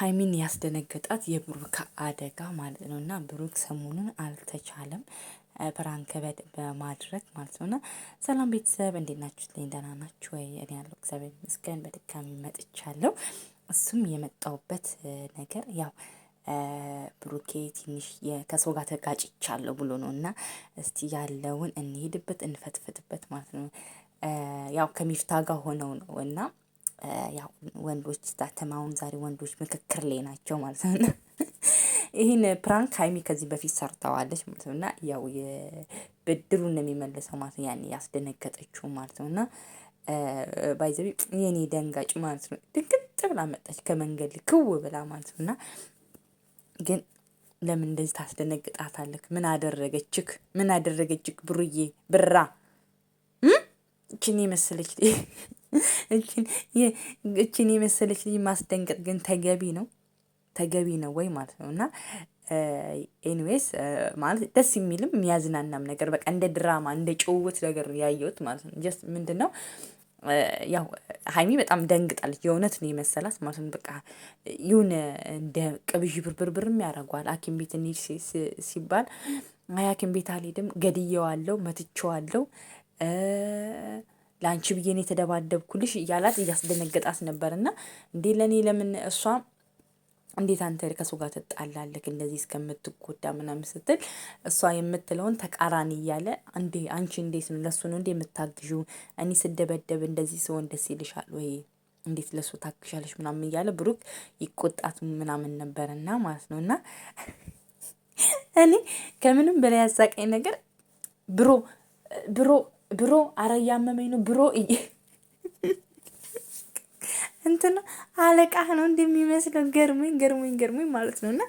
ሀይሚን ያስደነገጣት የብሩክ አደጋ ማለት ነው። እና ብሩክ ሰሞኑን አልተቻለም ፕራንክ በማድረግ ማለት ነው። እና ሰላም ቤተሰብ እንዴት ናችሁ? ልኝ ደህና ናችሁ ወይ? እኔ ያለው እግዚአብሔር ይመስገን በድጋሚ መጥቻለሁ። እሱም የመጣውበት ነገር ያው ብሩኬ ትንሽ ከሰው ጋር ተጋጭቻለሁ ብሎ ነው እና እስቲ ያለውን እንሄድበት እንፈትፍትበት ማለት ነው ያው ከሚፍታ ጋር ሆነው ነው እና ያው ወንዶች ዛተም ዛሬ ወንዶች ምክክር ላይ ናቸው ማለት ነው። ይህን ፕራንክ ሀይሚ ከዚህ በፊት ሰርተዋለች ማለት ነው እና ያው ብድሩን ነው የሚመልሰው ማለት ነው። ያኔ ያስደነገጠችው ማለት ነው እና ባይዘቢ የኔ ደንጋጭ ማለት ነው። ድንግጥ ብላ መጣች ከመንገድ ክው ብላ ማለት ነው እና ግን ለምን እንደዚህ ታስደነግጣታለክ? ምን አደረገችክ? ምን አደረገችክ? ብሩዬ ብራ እችን የመሰለች እችን የመሰለች ልጅ ማስደንገጥ ግን ተገቢ ነው ተገቢ ነው ወይ ማለት ነው እና ኤኒዌይስ ማለት ደስ የሚልም የሚያዝናናም ነገር በቃ እንደ ድራማ እንደ ጭውውት ነገር ያየሁት ማለት ነው። ጀስት ምንድን ነው ያው ሀይሚ በጣም ደንግጣለች። የእውነት ነው የመሰላት ማለት ነው። በቃ ይሁን እንደ ቅብዥ ብርብርብርም ያደርገዋል። ሐኪም ቤት እንሂድ ሲባል አይ ሐኪም ቤት አልሄድም ገድየዋለሁ መትቼዋለሁ ለአንቺ ብዬን የተደባደብኩልሽ እያላት እያስደነገጣት ነበር። እና እንዴ ለእኔ ለምን እሷ እንዴት አንተ ከሱ ጋር ትጣላለህ እንደዚህ እስከምትጎዳ ምናምን ስትል እሷ የምትለውን ተቃራኒ እያለ እንዴ አንቺ እንዴት ነው ለሱ ነው እንዴ የምታግዡ? እኔ ስደበደብ እንደዚህ ሲሆን ደስ ይልሻል ወይ? እንዴት ለሱ ታግሻለሽ? ምናምን እያለ ብሩክ ይቆጣት ምናምን ነበርና ማለት ነው እና እኔ ከምንም በላይ ያሳቀኝ ነገር ብሮ ብሮ ብሮ አረ እያመመኝ ነው ብሮ እንትና አለቃህ ነው እንደሚመስለው ገርሞኝ ገርሞኝ ገርሞኝ ማለት ነው። እና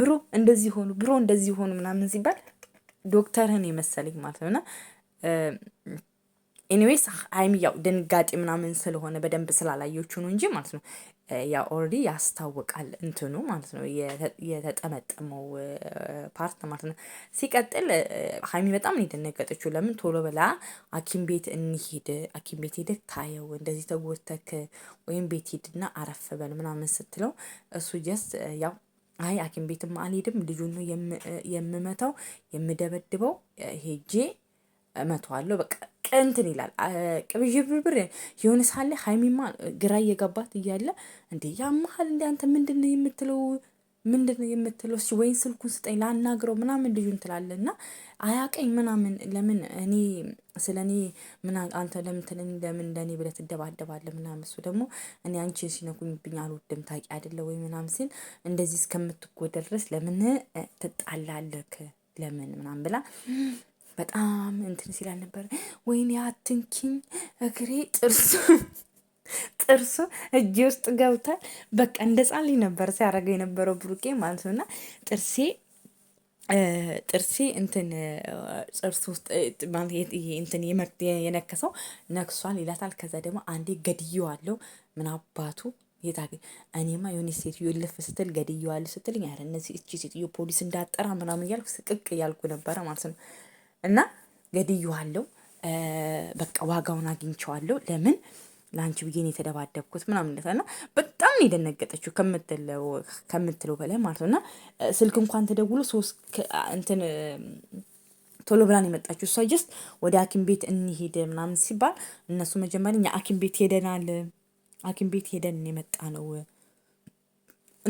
ብሮ እንደዚህ ሆኑ ብሮ እንደዚህ ሆኑ ምናምን ሲባል ዶክተርህን የመሰለኝ ማለት ነው እና ኤኒዌይስ ሀይሚ ያው ድንጋጤ ምናምን ስለሆነ በደንብ ስላላየችው ነው እንጂ ማለት ነው። ያ ኦልሬዲ ያስታውቃል እንትኑ ማለት ነው የተጠመጠመው ፓርት ማለት ነው። ሲቀጥል ሀይሚ በጣም ነው የደነገጠችው። ለምን ቶሎ ብላ ሐኪም ቤት እንሂድ፣ ሐኪም ቤት ሄደ ታየው እንደዚህ ተጎተክ ወይም ቤት ሂድና አረፍ በል ምናምን ስትለው እሱ ጀስት ያው አይ ሐኪም ቤትም አልሄድም ልጁን ነው የምመታው የምደበድበው ሄጄ እመተዋለሁ በቃ እንትን ይላል ቅብዥብርብር የሆነ ሳለ ሀይሚማ ግራ እየገባት እያለ እንዴ ያመሀል እንዲ አንተ ምንድን የምትለው ምንድን የምትለው? እስኪ ወይን ስልኩን ስጠኝ ላናግረው ምናምን ልዩ ትላለህ እና አያቀኝ ምናምን ለምን እኔ ስለ እኔ ምና አንተ ለምትለኝ ለምን ለእኔ ብለህ ትደባደባለህ? ምናምን እሱ ደግሞ እኔ አንቺን ሲነኩኝብኝ አልወድም ታውቂ አይደለ ወይ ምናምን ሲል እንደዚህ እስከምትጎዳ ድረስ ለምን ትጣላለክ ለምን ምናምን ብላ በጣም እንትን ሲላል ነበር። ወይኔ አትንኪኝ፣ እግሬ ጥርሱ ጥርሱ እጅ ውስጥ ገብታል። በቃ እንደ ጻልኝ ነበር ሲያደርገው የነበረው ብሩቄ ማለት ነው። እና ጥርሴ ጥርሴ እንትን ጥርስ ውስጥ እንትን የነከሰው ነክሷል ይላታል። ከዛ ደግሞ አንዴ ገድዬዋለሁ ምን አባቱ የታገኝ እኔማ የሆነ ሴትዮ ልፍ ስትል ገድዬዋለሁ ስትል ያ እነዚህ እቺ ሴትዮ ፖሊስ እንዳጠራ ምናምን እያልኩ ስቅቅ እያልኩ ነበረ ማለት ነው። እና ገድዬዋለሁ፣ በቃ ዋጋውን አግኝቸዋለሁ። ለምን ለአንቺ ብዬ የተደባደብኩት ምናምን እና በጣም ነው የደነገጠችው ከምትለው በላይ ማለት ነው። እና ስልክ እንኳን ተደውሎ ሶስት እንትን ቶሎ ብላን የመጣችው እሷ ጀስት ወደ ሐኪም ቤት እንሄድ ምናምን ሲባል እነሱ መጀመሪያ እኛ ሐኪም ቤት ሄደናል፣ ሐኪም ቤት ሄደን የመጣ ነው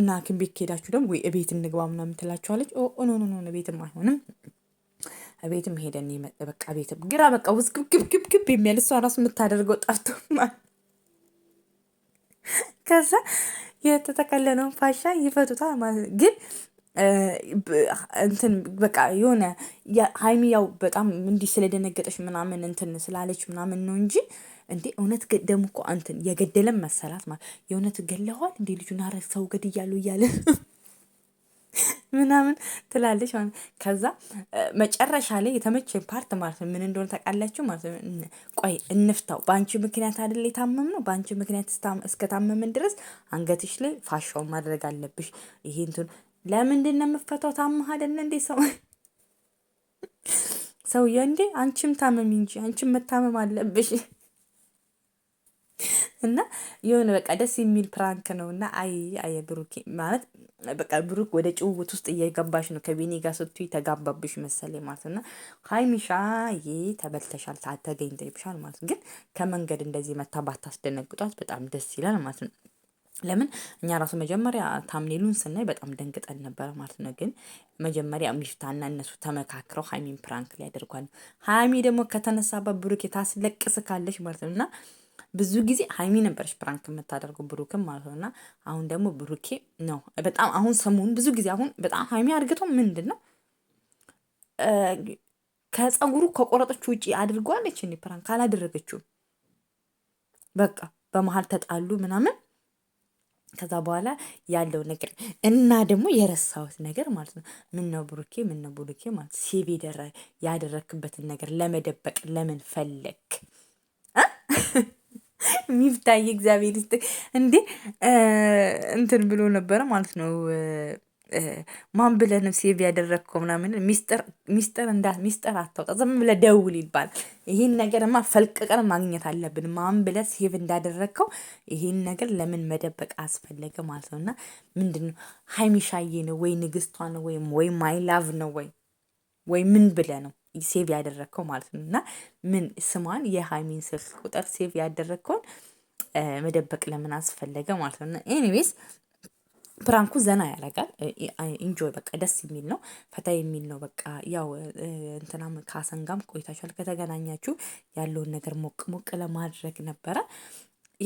እና ሐኪም ቤት ከሄዳችሁ ደግሞ ወይ እቤት እንግባ ምናምን ትላችኋለች። ኖ ኖ ኖ ቤትም አይሆንም ቤትም ሄደን የመጠ በቃ ቤትም ግራ በቃ ውዝግብግብግብግብ የሚያል እሷ ራሱ የምታደርገው ጠፍቶማል። ከዛ የተጠቀለለውን ፋሻ ይፈቱታል ማለት ግን እንትን በቃ የሆነ ሀይሚ ያው በጣም እንዲህ ስለደነገጠች ምናምን እንትን ስላለች ምናምን ነው እንጂ እንዴ እውነት ደግሞ እኮ እንትን የገደለም መሰላት ማለት የእውነት ገለኋል እንዴ ልጁን አረግ ሰው ገድ እያሉ እያለ ምናምን ትላለች ማለት ከዛ መጨረሻ ላይ የተመቸኝ ፓርት ማለት ነው ምን እንደሆነ ታውቃላችሁ ማለት ነው ቆይ እንፍታው በአንቺ ምክንያት አይደል የታመም ነው በአንቺ ምክንያት እስከታመምን ድረስ አንገትሽ ላይ ፋሻውን ማድረግ አለብሽ ይሄ እንትን ለምንድን ነው የምፈታው ታመህ አይደለ እንዴ ሰው ሰውዬ እንዴ አንቺም ታመሚ እንጂ አንቺም መታመም አለብሽ እና የሆነ በቃ ደስ የሚል ፕራንክ ነው እና አይ አይ ብሩክ ማለት በቃ ብሩክ ወደ ጭውውት ውስጥ እየገባሽ ነው። ከቢኒ ጋር ስቱ ተጋባብሽ መሰለኝ ማለት ነው ሀይሚሻ ይ ተበልተሻል ተገኝተብሻል ማለት ነው። ግን ከመንገድ እንደዚህ መታ ባታስደነግጧት በጣም ደስ ይላል ማለት ነው። ለምን እኛ ራሱ መጀመሪያ ታምኔሉን ስናይ በጣም ደንግጠን ነበረ ማለት ነው። ግን መጀመሪያ ሚፍታና እነሱ ተመካክረው ሀይሚን ፕራንክ ሊያደርጓል። ሀይሚ ደግሞ ከተነሳበት ብሩክ የታስለቅስ ካለች ማለት ነው እና ብዙ ጊዜ ሀይሚ ነበረች ፕራንክ የምታደርገው ብሩክም ማለት ነው። እና አሁን ደግሞ ብሩኬ ነው በጣም አሁን ሰሞኑን ብዙ ጊዜ አሁን በጣም ሀይሚ አድርግቶ ምንድን ነው ከፀጉሩ ከቆረጦች ውጭ አድርጓለች እኔ ፕራንክ አላደረገችውም። በቃ በመሀል ተጣሉ ምናምን ከዛ በኋላ ያለው ነገር እና ደግሞ የረሳሁት ነገር ማለት ነው። ምነው ብሩኬ ምነው ብሩኬ ማለት ደረ ያደረክበትን ነገር ለመደበቅ ለምን ፈለክ? ሚፍታዬ እግዚአብሔር ይስጥ እንዴ እንትን ብሎ ነበረ ማለት ነው። ማን ብለህ ነው ሴቭ ያደረግከው ምናምን ሚስጥር እንዳ ሚስጥር አታውጣ፣ ዝም ብለህ ደውል ይባላል። ይህን ነገርማ ፈልቅቀን ማግኘት አለብን። ማን ብለህ ሴቭ እንዳደረግከው ይህን ነገር ለምን መደበቅ አስፈለገ ማለት ነው። እና ምንድን ነው ሀይሚሻዬ ነው ወይ ንግስቷ ነው ወይም ወይ ማይ ላቭ ነው ወይ ወይ ምን ብለህ ነው ሴቭ ያደረግከው ማለት ነው። እና ምን ስሟን የሀይሚን ስልክ ቁጥር ሴቭ ያደረግከውን መደበቅ ለምን አስፈለገ ማለት ነው። ኤኒዌይስ ፕራንኩ ዘና ያደርጋል። ኢንጆይ በቃ ደስ የሚል ነው፣ ፈታ የሚል ነው። በቃ ያው እንትናም ካሰንጋም ቆይታችኋል ከተገናኛችሁ ያለውን ነገር ሞቅ ሞቅ ለማድረግ ነበረ።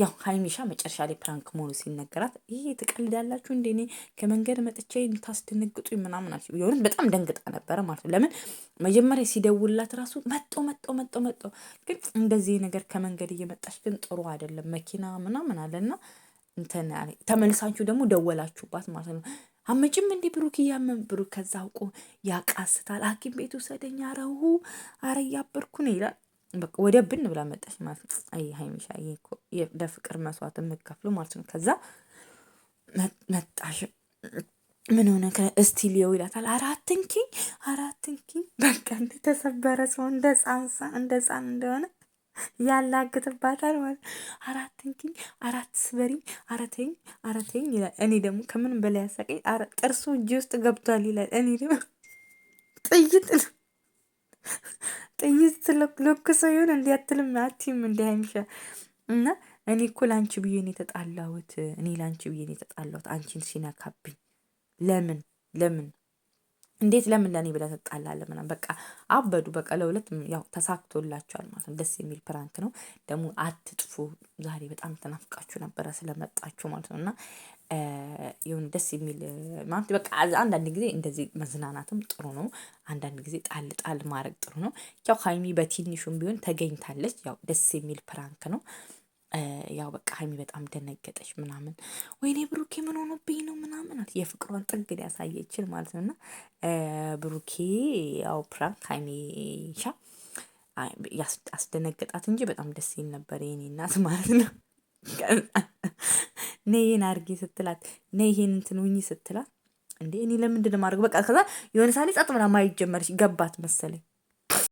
ያው ሀይሚሻ መጨረሻ ላይ ፕራንክ መሆኑ ሲነገራት ይሄ ትቀልዳላችሁ እንደ እኔ ከመንገድ መጥቼ ታስደነግጡ ምናምን አልሽ። የሆነት በጣም ደንግጣ ነበረ ማለት ነው። ለምን መጀመሪያ ሲደውላት ራሱ መጦ መጦ መጦ መጦ፣ ግን እንደዚህ ነገር ከመንገድ እየመጣች ግን ጥሩ አይደለም መኪና ምናምን አለና እንትን ተመልሳችሁ ደግሞ ደወላችሁባት ማለት ነው። አመጭም እንዲ ብሩክ እያመን ብሩክ ከዛ አውቆ ያቃስታል። ሐኪም ቤቱ ሰደኛ አረሁ አረ እያበርኩ ነው ይላል። በቃ ወደ ብን ብላ መጣች ማለት ነው። አይ ሀይሚሻ ለፍቅር መስዋዕት የምከፍሉ ማለት ነው። ከዛ መጣሽ ምን ሆነ እስቲ ሊየው ይላታል። አራትንኪኝ አራትንኪኝ በቃ እንደ ተሰበረ ሰው እንደ ጻንሳ እንደ ጻን እንደሆነ ያላግጥባታል ማለት አራትንኪኝ አራት ስበሪኝ አራተኝ አራተኝ ይላል። እኔ ደግሞ ከምንም በላይ ያሳቀኝ ጥርሱ እጅ ውስጥ ገብቷል ይላል። እኔ ደግሞ ጥይት ነው ጥይት ለኩሰው ይሆን እንዲ አትልም አትይም እንዲ ሀይሚሻ እና እኔ እኮ ለአንቺ ብዬ ነው የተጣላሁት። እኔ ለአንቺ ብዬ ነው የተጣላሁት። አንቺን ሲነካብኝ ለምን ለምን እንዴት ለምን ለእኔ ብለህ ትጣላለህ? ምናምን በቃ አበዱ። በቃ ለሁለት ያው ተሳክቶላቸዋል ማለት ነው። ደስ የሚል ፕራንክ ነው ደግሞ። አትጥፉ። ዛሬ በጣም ተናፍቃችሁ ነበረ ስለመጣችሁ ማለት ነው እና የሆነ ደስ የሚል ማለት በቃ አንዳንድ ጊዜ እንደዚህ መዝናናትም ጥሩ ነው። አንዳንድ ጊዜ ጣል ጣል ማድረግ ጥሩ ነው። ያው ሀይሚ በትንሹም ቢሆን ተገኝታለች ያው ደስ የሚል ፕራንክ ነው። ያው በቃ ሀይሚ በጣም ደነገጠች ምናምን ወይኔ ብሩኬ ምን ሆኖብኝ ነው ምናምን የፍቅሯን ጥግ ሊያሳየችን ማለት ነው። እና ብሩኬ ያው ፕራንክ ሻ አስደነገጣት እንጂ በጣም ደስ ይል ነበር የኔ እናት ማለት ነው። ነይ ይሄን አድርጊ ስትላት፣ ነይ ይሄን እንትን ውኝ ስትላት፣ እንዴ እኔ ለምንድን ነው በቃ ከዛ የሆነ ሳሌ ጸጥ ብላ ማይጀመርሽ ገባት መሰለኝ።